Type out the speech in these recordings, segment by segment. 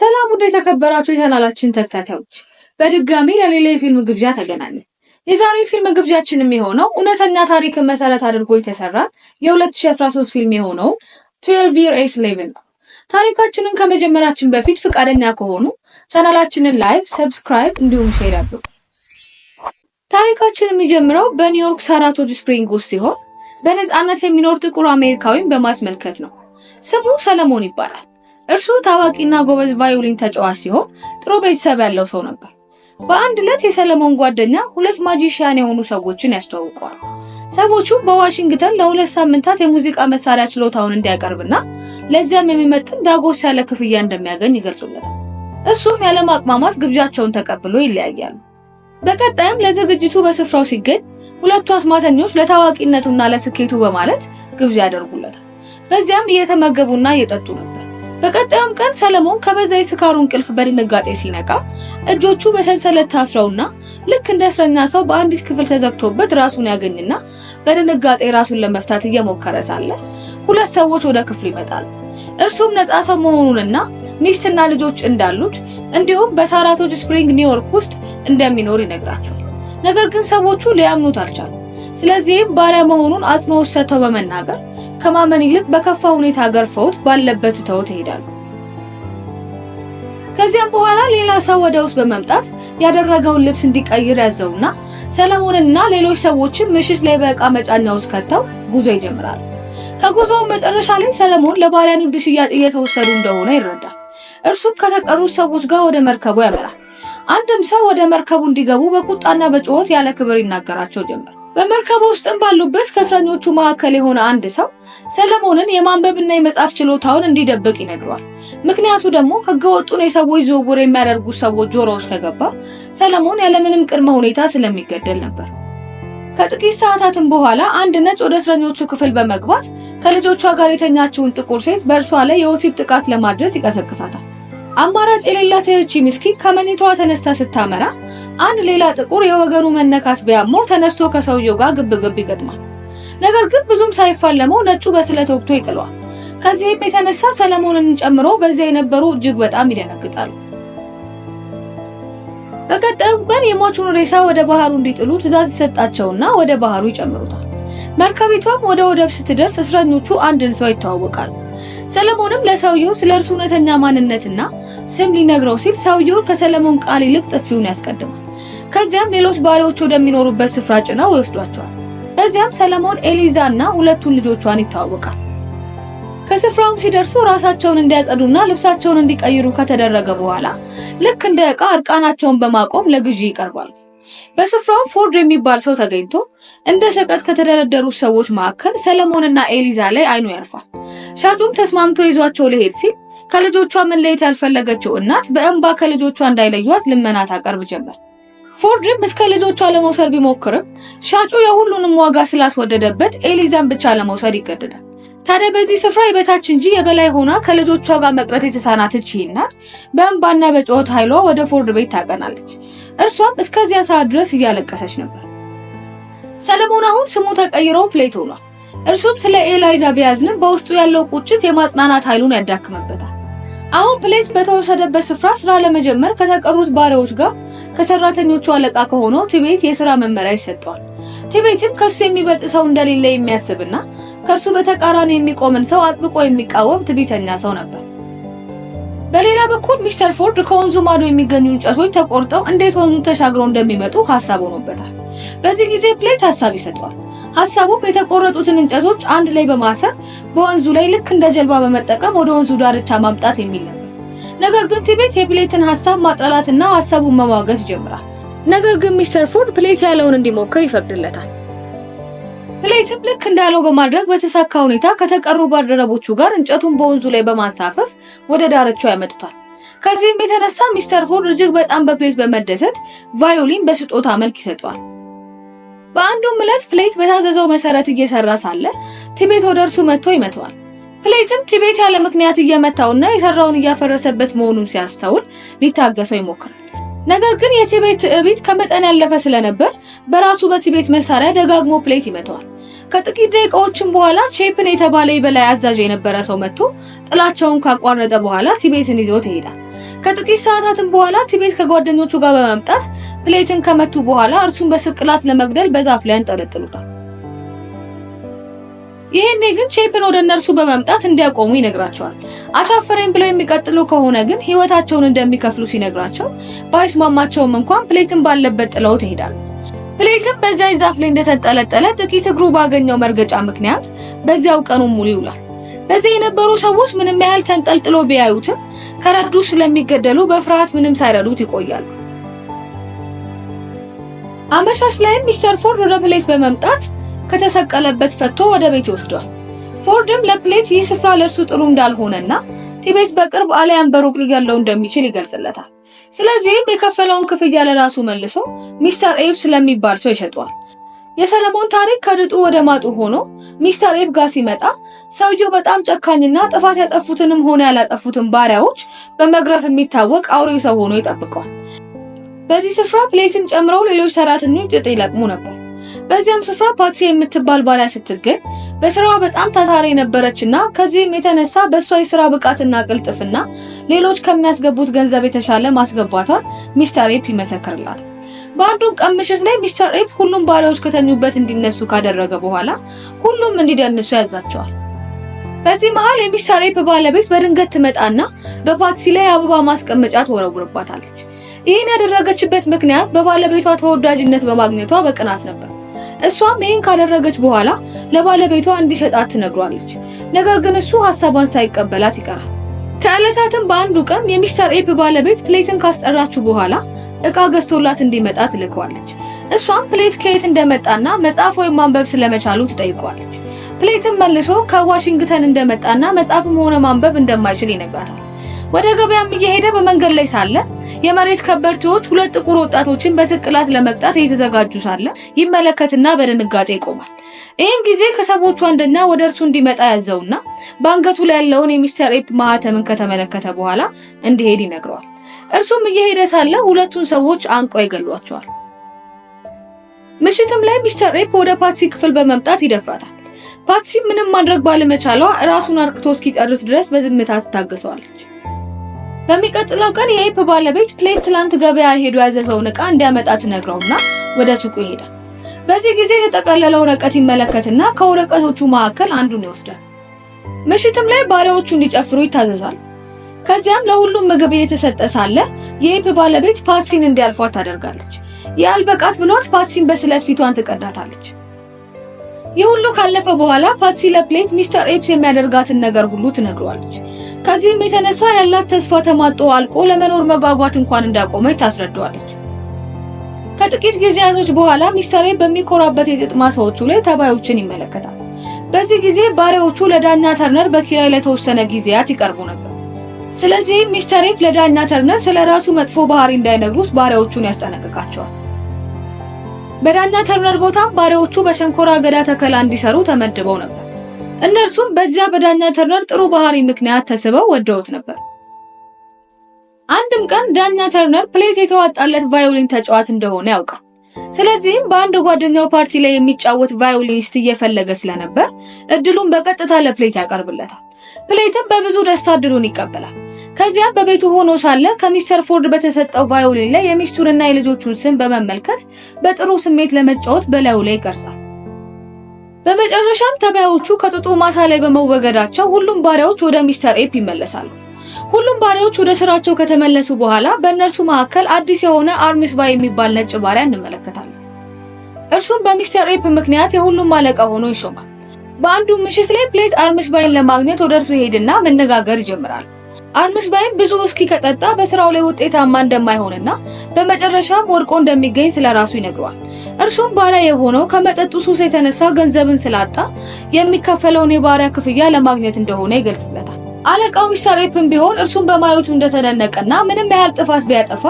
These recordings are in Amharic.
ሰላም ውድ የተከበራችሁ የቻናላችን ተከታታዮች በድጋሚ ለሌላ የፊልም ግብዣ ተገናኘን። የዛሬ ፊልም ግብዣችን የሚሆነው እውነተኛ ታሪክን መሰረት አድርጎ የተሰራ የ2013 ፊልም የሆነው 12 Year a Slave ነው። ታሪካችንን ከመጀመራችን በፊት ፍቃደኛ ከሆኑ ቻናላችንን ላይክ፣ ሰብስክራይብ እንዲሁም ሼር አድርጉ። ታሪካችን የሚጀምረው በኒውዮርክ ሳራቶጅ ስፕሪንግ ውስጥ ሲሆን በነፃነት የሚኖር ጥቁር አሜሪካዊን በማስመልከት ነው። ስሙ ሰለሞን ይባላል። እርሱ ታዋቂና ጎበዝ ቫዮሊን ተጫዋች ሲሆን ጥሩ ቤተሰብ ያለው ሰው ነበር። በአንድ ዕለት የሰለሞን ጓደኛ ሁለት ማጂሽያን የሆኑ ሰዎችን ያስተዋውቀዋል። ሰዎቹ በዋሽንግተን ለሁለት ሳምንታት የሙዚቃ መሳሪያ ችሎታውን እንዲያቀርብና ለዚያም የሚመጥን ዳጎስ ያለ ክፍያ እንደሚያገኝ ይገልጹለታል። እሱም ያለማቅማማት ግብዣቸውን ተቀብሎ ይለያያሉ። በቀጣይም ለዝግጅቱ በስፍራው ሲገኝ ሁለቱ አስማተኞች ለታዋቂነቱና ለስኬቱ በማለት ግብዣ ያደርጉለታል። በዚያም እየተመገቡና እየጠጡ ነው። በቀጣዩም ቀን ሰለሞን ከበዛ የስካሩ እንቅልፍ በድንጋጤ ሲነቃ እጆቹ በሰንሰለት ታስረውና ልክ እንደ እስረኛ ሰው በአንዲት ክፍል ተዘግቶበት ራሱን ያገኝና በድንጋጤ ራሱን ለመፍታት እየሞከረ ሳለ ሁለት ሰዎች ወደ ክፍሉ ይመጣል። እርሱም ነፃ ሰው መሆኑንና ሚስትና ልጆች እንዳሉት እንዲሁም በሳራቶች ስፕሪንግ ኒውዮርክ ውስጥ እንደሚኖር ይነግራቸዋል። ነገር ግን ሰዎቹ ሊያምኑት አልቻሉ። ስለዚህም ባሪያ መሆኑን አጽንኦት ሰጥተው በመናገር ከማመን ይልቅ በከፋ ሁኔታ ገርፈውት ባለበት ትተውት ይሄዳሉ። ከዚያም በኋላ ሌላ ሰው ወደ ውስጥ በመምጣት ያደረገውን ልብስ እንዲቀይር ያዘውና ሰለሞንና ሌሎች ሰዎችን ምሽት ላይ በእቃ መጫኛ ውስጥ ከተው ጉዞ ይጀምራል። ከጉዞው መጨረሻ ላይ ሰለሞን ለባለ ንግድ ሽያጭ እየተወሰዱ እንደሆነ ይረዳል። እርሱም ከተቀሩት ሰዎች ጋር ወደ መርከቡ ያመራል። አንድም ሰው ወደ መርከቡ እንዲገቡ በቁጣና በጩኸት ያለ ክብር ይናገራቸው ጀመር። በመርከብ ውስጥም ባሉበት ከእስረኞቹ መካከል የሆነ አንድ ሰው ሰለሞንን የማንበብና የመጻፍ ችሎታውን እንዲደብቅ ይነግሯል። ምክንያቱ ደግሞ ህገወጡን የሰዎች ዝውውር የሚያደርጉ ሰዎች ጆሮ ውስጥ ከገባ ሰለሞን ያለምንም ቅድመ ሁኔታ ስለሚገደል ነበር። ከጥቂት ሰዓታትም በኋላ አንድ ነጭ ወደ እስረኞቹ ክፍል በመግባት ከልጆቿ ጋር የተኛችውን ጥቁር ሴት በእርሷ ላይ የወሲብ ጥቃት ለማድረስ ይቀሰቅሳታል። አማራጭ የሌላት ይህቺ ምስኪን ከመኝታዋ ተነስታ ስታመራ አንድ ሌላ ጥቁር የወገኑ መነካት ቢያመው ተነስቶ ከሰውየው ጋር ግብግብ ይገጥማል። ነገር ግን ብዙም ሳይፋለመው ነጩ በስለት ወግቶ ይጥለዋል። ከዚህም የተነሳ ሰለሞንን ጨምሮ በዚያ የነበሩ እጅግ በጣም ይደነግጣሉ። በቀጣዩም ቀን የሟቹን ሬሳ ወደ ባህሩ እንዲጥሉ ትዛዝ ይሰጣቸውና ወደ ባህሩ ይጨምሩታል። መርከቢቷም ወደ ወደብ ስትደርስ እስረኞቹ አንድን ሰው ይተዋወቃሉ። ሰለሞንም ለሰውየው ስለ እርሱ እውነተኛ ማንነትና ስም ሊነግረው ሲል ሰውየው ከሰለሞን ቃል ይልቅ ጥፊውን ያስቀድማል። ከዚያም ሌሎች ባሪያዎች ወደሚኖሩበት ስፍራ ጭነው ይወስዷቸዋል። በዚያም ሰለሞን ኤሊዛ እና ሁለቱን ልጆቿን ይተዋወቃል። ከስፍራውም ሲደርሱ ራሳቸውን እንዲያጸዱና ልብሳቸውን እንዲቀይሩ ከተደረገ በኋላ ልክ እንደ ዕቃ እርቃናቸውን በማቆም ለግዢ ይቀርባሉ። በስፍራውም ፎርድ የሚባል ሰው ተገኝቶ እንደ ሸቀጥ ከተደረደሩ ሰዎች መካከል ሰለሞንና ኤሊዛ ላይ አይኑ ያርፋል። ሻጩም ተስማምቶ ይዟቸው ሊሄድ ሲል ከልጆቿ መለየት ያልፈለገችው እናት በእንባ ከልጆቿ እንዳይለዩት ልመና ታቀርብ ጀመር። ፎርድም እስከ ልጆቿ ለመውሰድ ቢሞክርም ሻጩ የሁሉንም ዋጋ ስላስወደደበት ኤሊዛን ብቻ ለመውሰድ ይገደዳል። ታዲያ በዚህ ስፍራ የበታች እንጂ የበላይ ሆና ከልጆቿ ጋር መቅረት የተሳናት እቺ እናት በእንባና በጩኸት ኃይሏ ወደ ፎርድ ቤት ታቀናለች። እርሷም እስከዚያ ሰዓት ድረስ እያለቀሰች ነበር። ሰለሞን አሁን ስሙ ተቀይሮ ፕሌት ሆኗል። እርሱም ስለ ኤላይዛ ቢያዝንም በውስጡ ያለው ቁጭት የማጽናናት ኃይሉን ያዳክምበታል። አሁን ፕሌት በተወሰደበት ስፍራ ስራ ለመጀመር ከተቀሩት ባሪያዎች ጋር ከሰራተኞቹ አለቃ ከሆነው ቲቤት የስራ መመሪያ ይሰጠዋል። ቲቤትም ከሱ የሚበልጥ ሰው እንደሌለ የሚያስብና ከእርሱ በተቃራኒ የሚቆምን ሰው አጥብቆ የሚቃወም ትቤተኛ ሰው ነበር። በሌላ በኩል ሚስተር ፎርድ ከወንዙ ማዶ የሚገኙ እንጨቶች ተቆርጠው እንዴት ወንዙ ተሻግረው እንደሚመጡ ሀሳብ ሆኖበታል። በዚህ ጊዜ ፕሌት ሀሳብ ይሰጠዋል። ሀሳቡም የተቆረጡትን እንጨቶች አንድ ላይ በማሰር በወንዙ ላይ ልክ እንደ ጀልባ በመጠቀም ወደ ወንዙ ዳርቻ ማምጣት የሚል ነው። ነገር ግን ቲቤት የፕሌትን ሀሳብ ማጥላላትና ሀሳቡን መሟገት ይጀምራል። ነገር ግን ሚስተር ፎርድ ፕሌት ያለውን እንዲሞክር ይፈቅድለታል። ፕሌትም ልክ እንዳለው በማድረግ በተሳካ ሁኔታ ከተቀሩ ባልደረቦቹ ጋር እንጨቱን በወንዙ ላይ በማንሳፈፍ ወደ ዳርቻው ያመጡታል። ከዚህም የተነሳ ሚስተር ፎርድ እጅግ በጣም በፕሌት በመደሰት ቫዮሊን በስጦታ መልክ ይሰጠዋል። በአንዱም ዕለት ፕሌት በታዘዘው መሰረት እየሰራ ሳለ ቲቤት ወደ እርሱ መጥቶ ይመተዋል። ፕሌትም ቲቤት ያለ ምክንያት እየመታውና የሰራውን እያፈረሰበት መሆኑን ሲያስተውል ሊታገሰው ይሞክራል። ነገር ግን የቲቤት ትዕቢት ከመጠን ያለፈ ስለነበር በራሱ በቲቤት መሳሪያ ደጋግሞ ፕሌት ይመተዋል። ከጥቂት ደቂቃዎችም በኋላ ቼፕን የተባለ የበላይ አዛዥ የነበረ ሰው መጥቶ ጥላቸውን ካቋረጠ በኋላ ቲቤትን ይዞ ይሄዳል። ከጥቂት ሰዓታትም በኋላ ቲቤት ከጓደኞቹ ጋር በመምጣት ፕሌትን ከመቱ በኋላ እርሱን በስቅላት ለመግደል በዛፍ ላይ አንጠለጥሉታል። ይህኔ ግን ቼፕን ወደ እነርሱ በመምጣት እንዲያቆሙ ይነግራቸዋል። አሻፈረኝ ብለው የሚቀጥሉ ከሆነ ግን ህይወታቸውን እንደሚከፍሉ ሲነግራቸው ባይስማማቸውም እንኳን ፕሌትን ባለበት ጥለውት ይሄዳል። ፕሌትን በዚያ ዛፍ ላይ እንደተንጠለጠለ ጥቂት እግሩ ባገኘው መርገጫ ምክንያት በዚያው ቀኑ ሙሉ ይውላል። በዚህ የነበሩ ሰዎች ምንም ያህል ተንጠልጥሎ ቢያዩትም ከረዱ ስለሚገደሉ በፍርሃት ምንም ሳይረዱት ይቆያሉ። አመሻሽ ላይም ሚስተር ፎርድ ወደ ፕሌት በመምጣት ከተሰቀለበት ፈቶ ወደ ቤት ይወስዷል። ፎርድም ለፕሌት ይህ ስፍራ ለእርሱ ጥሩ እንዳልሆነና ቲቤት በቅርብ አሊያን በሩቅ ሊገለው እንደሚችል ይገልጽለታል። ስለዚህም የከፈለውን ክፍያ ለራሱ መልሶ ሚስተር ኤብ ስለሚባል ሰው ይሸጠዋል። የሰለሞን ታሪክ ከድጡ ወደ ማጡ ሆኖ ሚስተር ኤፍ ጋር ሲመጣ ሰውየው በጣም ጨካኝና ጥፋት ያጠፉትንም ሆነ ያላጠፉትን ባሪያዎች በመግረፍ የሚታወቅ አውሬው ሰው ሆኖ ይጠብቀዋል። በዚህ ስፍራ ፕሌትን ጨምሮ ሌሎች ሰራተኞች ጥጥ ይለቅሙ ነበር። በዚያም ስፍራ ፓትሲ የምትባል ባሪያ ስትገኝ በስራዋ በጣም ታታሪ የነበረችና ከዚህም የተነሳ በእሷ የስራ ብቃትና ቅልጥፍና ሌሎች ከሚያስገቡት ገንዘብ የተሻለ ማስገባቷን ሚስተር ኤፕ ይመሰክርላል። በአንዱም ቀን ምሽት ላይ ሚስተር ኤፕ ሁሉም ባሪያዎች ከተኙበት እንዲነሱ ካደረገ በኋላ ሁሉም እንዲደንሱ ያዛቸዋል። በዚህ መሃል የሚስተር ኤፕ ባለቤት በድንገት ትመጣና በፓትሲ ላይ አበባ ማስቀመጫ ትወረውርባታለች። ይህን ያደረገችበት ምክንያት በባለቤቷ ተወዳጅነት በማግኘቷ በቅናት ነበር። እሷም ይህን ካደረገች በኋላ ለባለቤቷ እንዲሸጣት ትነግሯለች። ነገር ግን እሱ ሀሳቧን ሳይቀበላት ይቀራል። ከዕለታትም በአንዱ ቀን የሚስተር ኤፕ ባለቤት ፕሌትን ካስጠራችሁ በኋላ እቃ ገዝቶላት እንዲመጣ ትልከዋለች። እሷም ፕሌት ከየት እንደመጣና መጽሐፍ ወይም ማንበብ ስለመቻሉ ትጠይቀዋለች። ፕሌትም መልሶ ከዋሽንግተን እንደመጣና መጽሐፍም ሆነ ማንበብ እንደማይችል ይነግራታል። ወደ ገበያም እየሄደ በመንገድ ላይ ሳለ የመሬት ከበርቴዎች ሁለት ጥቁር ወጣቶችን በስቅላት ለመቅጣት እየተዘጋጁ ሳለ ይመለከትና በድንጋጤ ይቆማል። ይህን ጊዜ ከሰዎቹ አንድና ወደ እርሱ እንዲመጣ ያዘውና በአንገቱ ላይ ያለውን የሚስተር ኤፕ ማህተምን ከተመለከተ በኋላ እንዲሄድ ይነግረዋል። እርሱም እየሄደ ሳለ ሁለቱን ሰዎች አንቆ ይገሏቸዋል። ምሽትም ላይ ሚስተር ሬፕ ወደ ፓትሲ ክፍል በመምጣት ይደፍራታል። ፓትሲ ምንም ማድረግ ባለመቻሏ ራሱን አርክቶ እስኪጨርስ ድረስ በዝምታ ትታገሰዋለች። በሚቀጥለው ቀን የኤፕ ባለቤት ፕሌት ትላንት ገበያ ሄዶ ያዘዘውን ዕቃ እንዲያመጣ ትነግረውና ወደ ሱቁ ይሄዳል። በዚህ ጊዜ የተጠቀለለ ወረቀት ይመለከትና ከወረቀቶቹ መካከል አንዱን ይወስዳል። ምሽትም ላይ ባሪያዎቹ እንዲጨፍሩ ይታዘዛል። ከዚያም ለሁሉም ምግብ እየተሰጠ ሳለ የኢፕ ባለቤት ፓሲን እንዲያልፏት ታደርጋለች። ያልበቃት ብሏት ፓሲን በስለት ፊቷን ትቀዳታለች። ይህ ሁሉ ካለፈ በኋላ ፓትሲ ለፕሌት ሚስተር ኤፕስ የሚያደርጋትን ነገር ሁሉ ትነግሯለች። ከዚህም የተነሳ ያላት ተስፋ ተማጦ አልቆ ለመኖር መጓጓት እንኳን እንዳቆመች ታስረዳዋለች። ከጥቂት ጊዜያቶች በኋላ ሚስተር ኤፕ በሚኮራበት የጥጥማ ሰዎቹ ላይ ተባዮችን ይመለከታል። በዚህ ጊዜ ባሪያዎቹ ለዳኛ ተርነር በኪራይ ለተወሰነ ጊዜያት ይቀርቡ ነበር። ስለዚህም ሚስተር ኤፕ ለዳኛ ተርነር ስለ ራሱ መጥፎ ባህሪ እንዳይነግሩት ባሪያዎቹን ያስጠነቅቃቸዋል። በዳኛ ተርነር ቦታም ባሪያዎቹ በሸንኮራ አገዳ ተከላ እንዲሰሩ ተመድበው ነበር። እነርሱም በዚያ በዳኛ ተርነር ጥሩ ባህሪ ምክንያት ተስበው ወደውት ነበር። አንድም ቀን ዳኛ ተርነር ፕሌት የተዋጣለት ቫዮሊን ተጫዋት እንደሆነ ያውቃል። ስለዚህም በአንድ ጓደኛው ፓርቲ ላይ የሚጫወት ቫዮሊኒስት እየፈለገ ስለነበር እድሉን በቀጥታ ለፕሌት ያቀርብለታል። ፕሌትም በብዙ ደስታ እድሉን ይቀበላል። ከዚያም በቤቱ ሆኖ ሳለ ከሚስተር ፎርድ በተሰጠው ቫዮሊን ላይ የሚስቱንና የልጆቹን ስም በመመልከት በጥሩ ስሜት ለመጫወት በላዩ ላይ ይቀርጻል። በመጨረሻም ተባዮቹ ከጥጡ ማሳ ላይ በመወገዳቸው ሁሉም ባሪያዎች ወደ ሚስተር ኤፕ ይመለሳሉ። ሁሉም ባሪያዎች ወደ ስራቸው ከተመለሱ በኋላ በእነርሱ መካከል አዲስ የሆነ አርሚስባ የሚባል ነጭ ባሪያ እንመለከታለን። እርሱም በሚስተር ኤፕ ምክንያት የሁሉም አለቃ ሆኖ ይሾማል። በአንዱ ምሽት ላይ ፕሌት አርሚስባይን ለማግኘት ወደ እርሱ ይሄድና መነጋገር ይጀምራል። ባይም ብዙ ውስኪ ከጠጣ በስራው ላይ ውጤታማ እንደማይሆንና በመጨረሻም ወድቆ እንደሚገኝ ስለራሱ ይነግሯል። እርሱም ባሪያ የሆነው ከመጠጡ ሱስ የተነሳ ገንዘብን ስላጣ የሚከፈለውን የባሪያ ክፍያ ለማግኘት እንደሆነ ይገልጽለታል። አለቃው ሚሳሬፕም ቢሆን እርሱን በማየቱ እንደተደነቀና ምንም ያህል ጥፋት ቢያጠፋ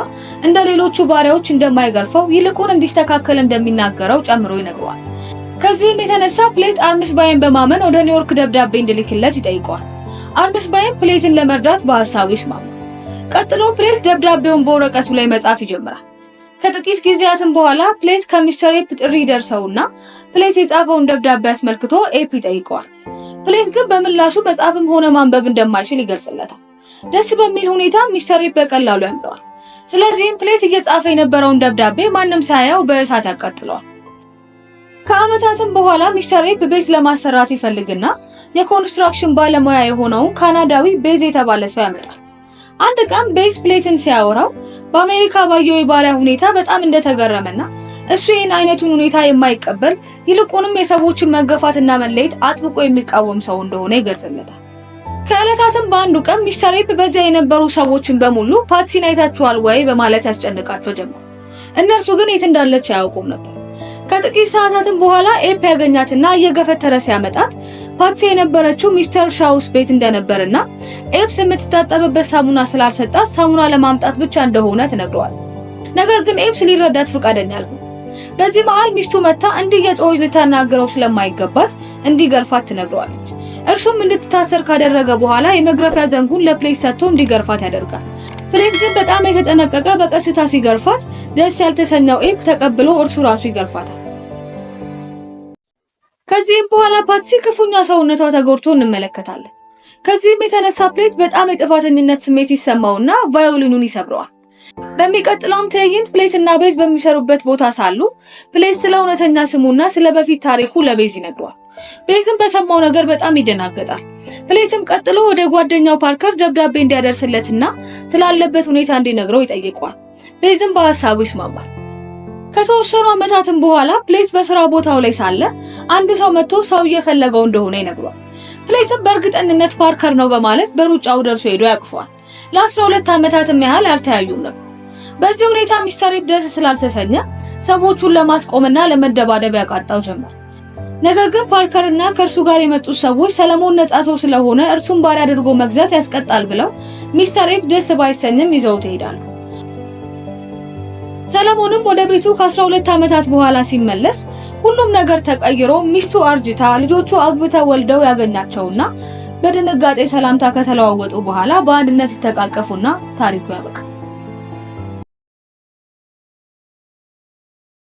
እንደ ሌሎቹ ባሪያዎች እንደማይገርፈው ይልቁን እንዲስተካከል እንደሚናገረው ጨምሮ ይነግሯል። ከዚህም የተነሳ ፕሌት ባይን በማመን ወደ ኒውዮርክ ደብዳቤ እንዲልክለት ይጠይቀዋል። አርምስ ባይም ፕሌትን ለመርዳት በሀሳቡ ይስማማል። ቀጥሎ ፕሌት ደብዳቤውን በወረቀቱ ላይ መጻፍ ይጀምራል። ከጥቂት ጊዜያትም በኋላ ፕሌት ከሚስተር ኤፕ ጥሪ ደርሰውና ፕሌት የጻፈውን ደብዳቤ አስመልክቶ ኤፕ ይጠይቀዋል። ፕሌት ግን በምላሹ መጻፍም ሆነ ማንበብ እንደማይችል ይገልጽለታል። ደስ በሚል ሁኔታ ሚስተር ኤፕ በቀላሉ ያምነዋል። ስለዚህም ፕሌት እየጻፈ የነበረውን ደብዳቤ ማንም ሳያየው በእሳት ያቃጥለዋል። ከዓመታትም በኋላ ሚስተር ኤፕ ቤዝ ለማሰራት ይፈልግና የኮንስትራክሽን ባለሙያ የሆነውን ካናዳዊ ቤዝ የተባለ ሰው ያመጣል። አንድ ቀን ቤዝ ፕሌትን ሲያወራው በአሜሪካ ባየው የባሪያ ሁኔታ በጣም እንደተገረመና እሱ ይህን አይነቱን ሁኔታ የማይቀበል ይልቁንም የሰዎችን መገፋትና መለየት አጥብቆ የሚቃወም ሰው እንደሆነ ይገልጽለታል። ከዕለታትም በአንዱ ቀን ሚስተር ኤፕ በዚያ የነበሩ ሰዎችን በሙሉ ፓትሲን አይታችኋል ወይ በማለት ያስጨንቃቸው ጀመር። እነርሱ ግን የት እንዳለች አያውቁም ነበር። ከጥቂት ሰዓታትም በኋላ ኤፕ ያገኛትና እየገፈተረ ሲያመጣት ፓትሲ የነበረችው ሚስተር ሻውስ ቤት እንደነበርና ኤፕስ የምትታጠብበት ሳሙና ስላልሰጣት ሳሙና ለማምጣት ብቻ እንደሆነ ትነግረዋል። ነገር ግን ኤፕስ ሊረዳት ፈቃደኛ አልሆነ። በዚህ መሃል ሚስቱ መታ እንዲህ እየጮኸች ልታናግረው ስለማይገባት እንዲገርፋት ትነግረዋለች። እርሱም እንድትታሰር ካደረገ በኋላ የመግረፊያ ዘንጉን ለፕሌስ ሰጥቶ እንዲገርፋት ያደርጋል። ፕሌስ ግን በጣም የተጠነቀቀ በቀስታ ሲገርፋት ደስ ያልተሰኘው ኤፕ ተቀብሎ እርሱ ራሱ ይገርፋታል። ከዚህም በኋላ ፓትሲ ክፉኛ ሰውነቷ ተጎድቶ እንመለከታለን። ከዚህም የተነሳ ፕሌት በጣም የጥፋተኝነት ስሜት ይሰማውና ቫዮሊኑን ይሰብረዋል። በሚቀጥለውም ትዕይንት ፕሌት እና ቤዝ በሚሰሩበት ቦታ ሳሉ ፕሌት ስለ እውነተኛ ስሙና ስለ በፊት ታሪኩ ለቤዝ ይነግሯል። ቤዝም በሰማው ነገር በጣም ይደናገጣል። ፕሌትም ቀጥሎ ወደ ጓደኛው ፓርከር ደብዳቤ እንዲያደርስለትና ስላለበት ሁኔታ እንዲነግረው ይጠይቋል። ቤዝም በሀሳቡ ይስማማል። ከተወሰኑ ዓመታትም በኋላ ፕሌት በስራ ቦታው ላይ ሳለ አንድ ሰው መጥቶ ሰው እየፈለገው እንደሆነ ይነግሯል። ፕሌትም በእርግጠኝነት ፓርከር ነው በማለት በሩጫው ደርሶ ሄዶ ያቅፏል። ለ12 ዓመታትም ያህል አልተያዩም ነበር። በዚህ ሁኔታ ሚስተር ደስ ስላልተሰኘ ሰዎቹን ለማስቆምና ለመደባደብ ያቃጣው ጀመር። ነገር ግን ፓርከር እና ከእርሱ ጋር የመጡት ሰዎች ሰለሞን ነጻ ሰው ስለሆነ እርሱን ባሪያ አድርጎ መግዛት ያስቀጣል ብለው ሚስተር ኤፍ ደስ ባይሰኝም ይዘውት ይሄዳሉ። ሰለሞንም ወደ ቤቱ ከ12 ዓመታት በኋላ ሲመለስ ሁሉም ነገር ተቀይሮ ሚስቱ አርጅታ ልጆቹ አግብተው ወልደው ያገኛቸውና በድንጋጤ ሰላምታ ከተለዋወጡ በኋላ በአንድነት ይተቃቀፉና ታሪኩ ያበቃል።